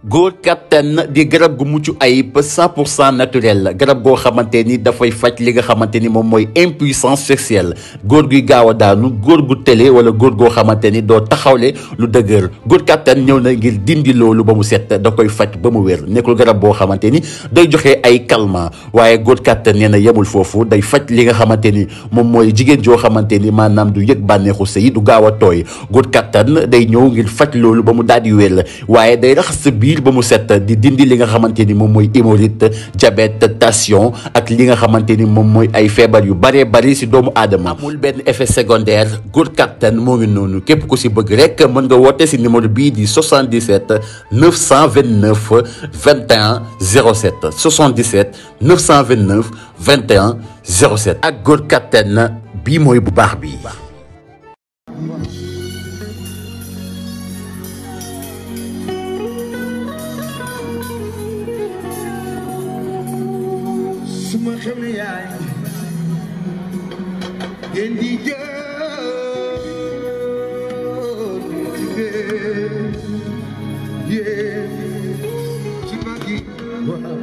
góor kattan di garab gu mucc ay 100 pour cent naturel garab goo xamante ni dafay faj li nga xamante ni moom mooy impuissance sexuelle góor guy gaaw a daanu góor gu tële wala góor goo xamante ni doo taxawle lu dëgër góor kattan ñëw na ngir dindi loolu ba mu set da koy faj ba mu wér nekkul garab boo xamante ni day joxe ay calmants waaye góor kattan nee na yemul foofu day faj li nga xamante ni moom mooy jigéen joo xamante ni maanaam du yëg bànneexu sëy du gaaw a tooy góor kattan day ñëw ngir faj loolu ba mu daal di wér waaye wiir ba mu set di dindi li nga xamante ni moom mooy hémorroïde diabète tension ak li nga xamante ni moom mooy ay feebar yu bëree bëri si doomu aadama amul benn effet secondaire góor kattan moo ngi noonu képp ku si bëgg rek mën nga woote si numéro bii di 77 929 21 07 77 929 21 07 ak góor kattan bii mooy bu baax bi suma xel yaay ngeen di jël jigéen yéen ci magi waaw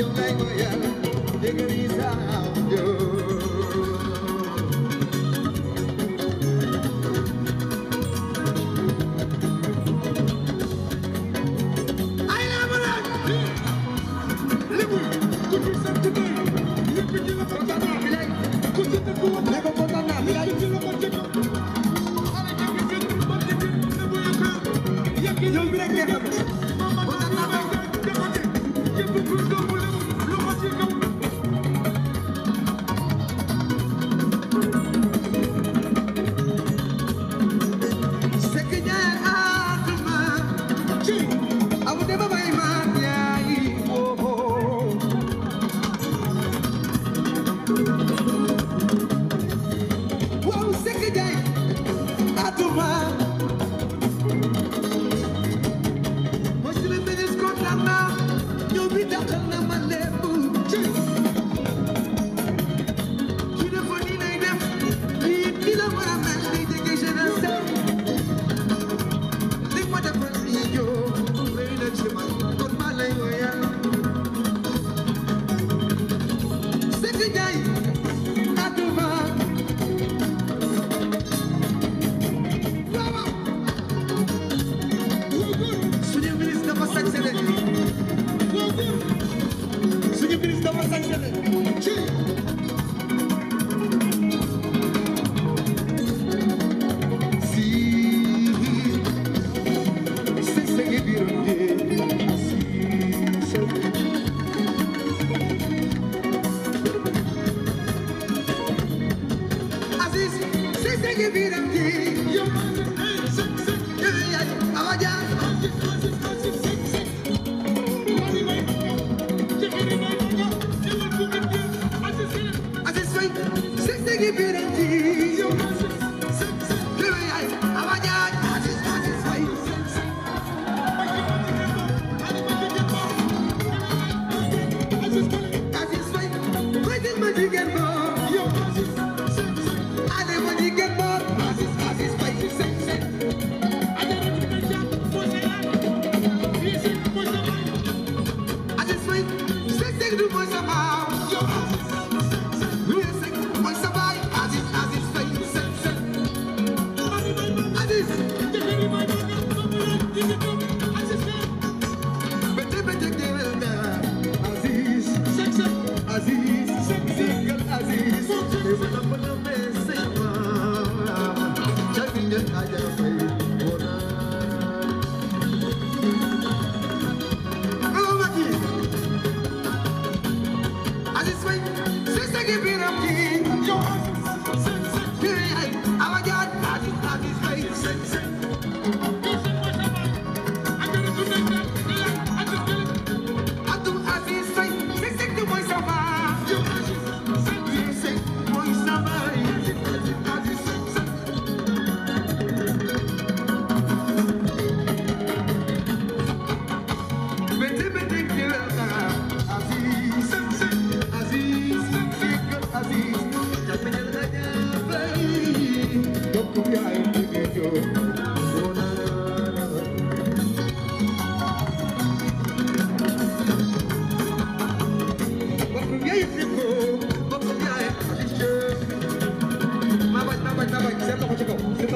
you make me a diggity sound, you. ti.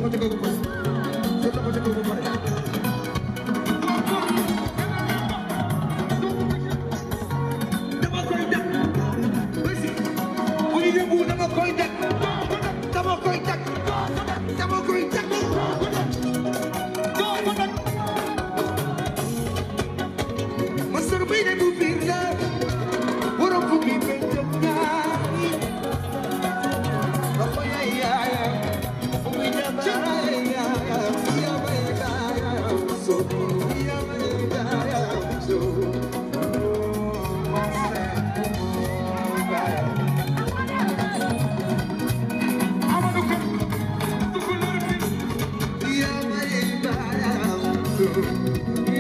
ko ci kaw ba pare. jot na ko ci kaw ba pare. Thank you.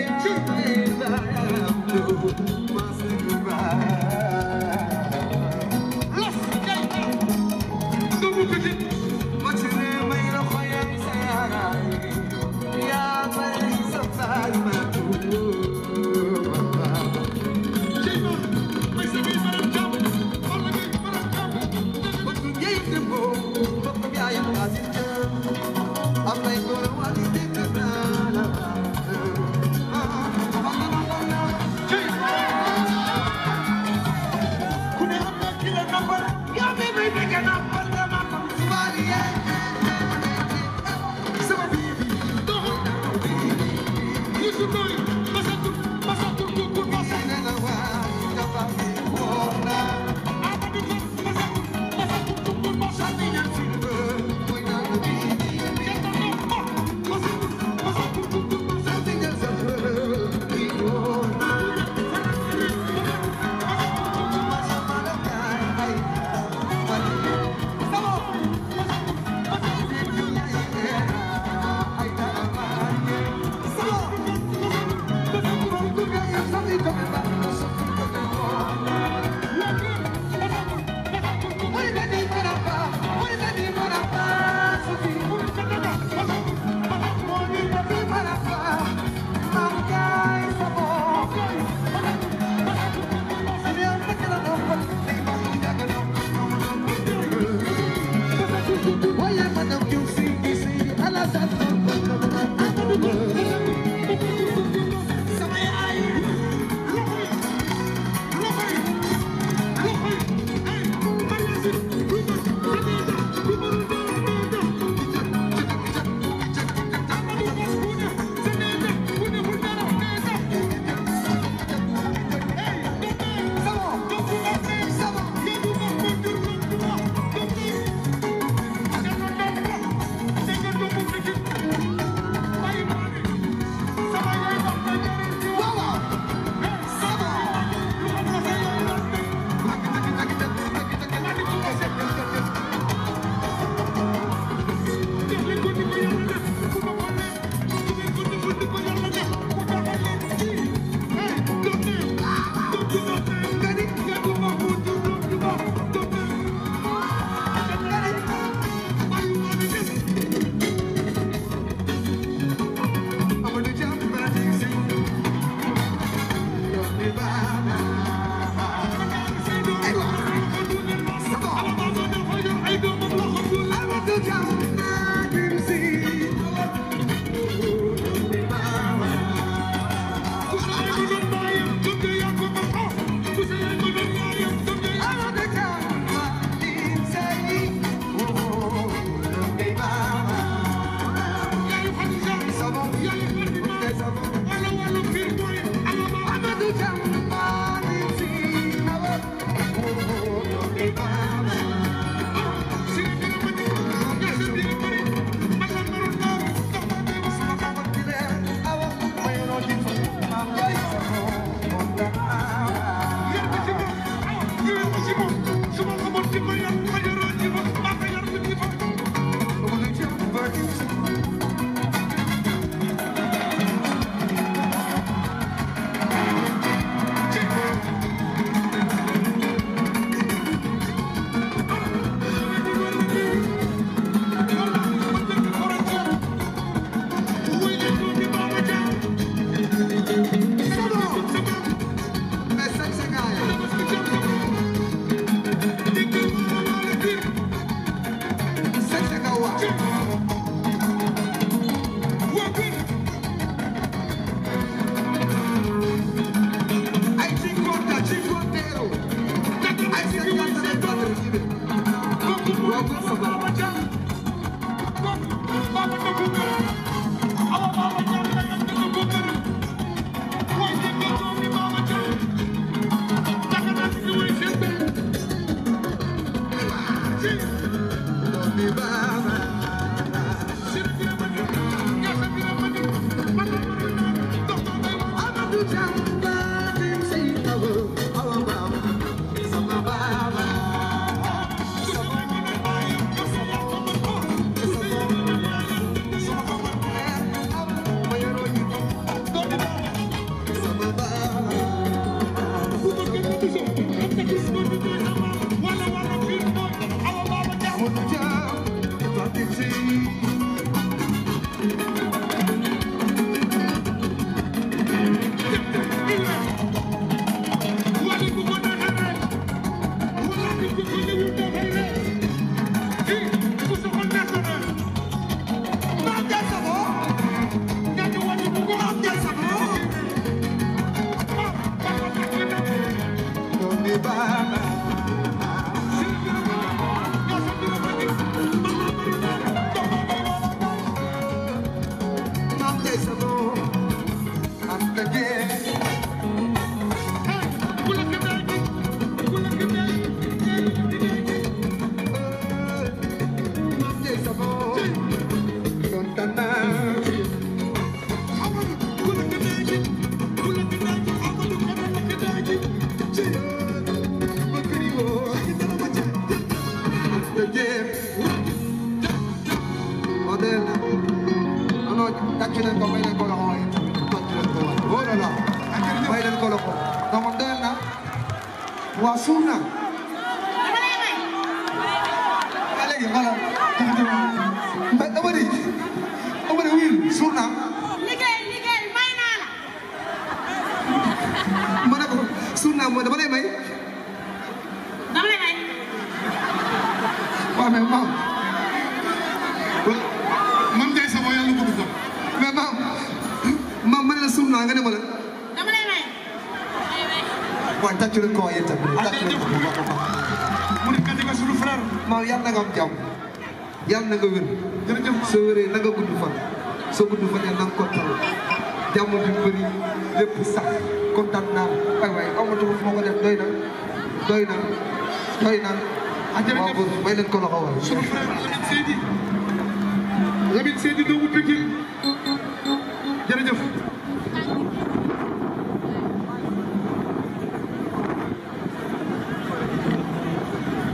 down. Hasta que waa suuf na léegi voilà mbay Amady Amady wuyu suuf na liggéey liggéey may naa la ma ne ko suuf na mooy dama lay may dama lay may waaw mais maam man kay sama yàlla bëgg sax mais maam maam ma ne la suuf na nga ne ma la dama lay may waaw tàccu leen ko waaye itam tàccu leen ko bu baax a baax. mu ne gàncax gi suñu frère. maam yàlla na nga am jàmm yàlla na nga wér. jërëjëf soo wéree na nga gudd fan soo gudd fan yàlla na nga ko tal jàmm bi bëri lépp sax kontaan naa ay waay amatuma fu ma ko def doy na doy na doy na. waaw boobu may leen ko loxo wala. suñu frère Lamine Seydi Lamine Seydi doomu Pikine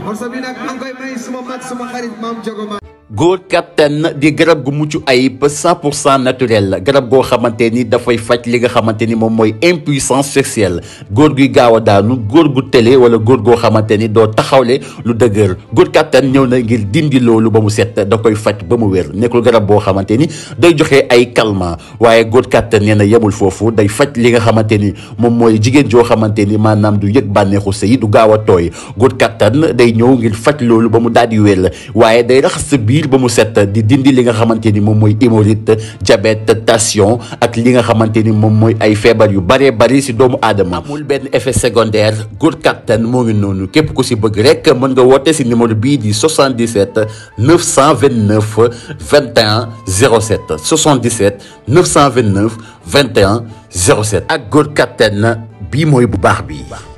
morceau bi nag maa ngi koy may suma mat suma xarit maam Jogo ma góor kattan di garab gu mucc ayib cent pour cent naturel garab goo xamante ni dafay faj li nga xamante ni moom mooy impuissance sexuelle góor guy gaaw a daanu góor gu tële wala góor goo xamante ni doo taxawle lu dëgër góor kattan ñëw na ngir dindi loolu ba mu set da koy faj ba mu wér nekkul garab boo xamante ni day joxe ay calmant waaye góor kattan nee na yemul foofu day faj li nga xamante ni moom mooy jigéen joo xamante ni maanaam du yëg bànneexu sëy du gaaw a tooy góor kattan day ñëw ngir faj loolu ba mu daal di wér waaye sa biir ba mu set di dindi li nga xamante ni moom mooy hémorroïde diabète tension ak li nga xamante ni moom mooy ay feebar yu bëree bëri si doomu aadama amul benn effet secondaire góor kattan moo ngi noonu képp ku si bëgg rek mën nga woote si numéro bii di 77 929 21 07 77 929 21 07 ak góor kattan bii mooy bu baax bi